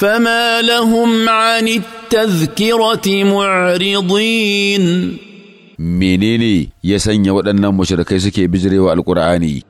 فما لهم عن التذكرة معرضين menene ya sanya waɗannan mushrikai suke bijirewa alkur'ani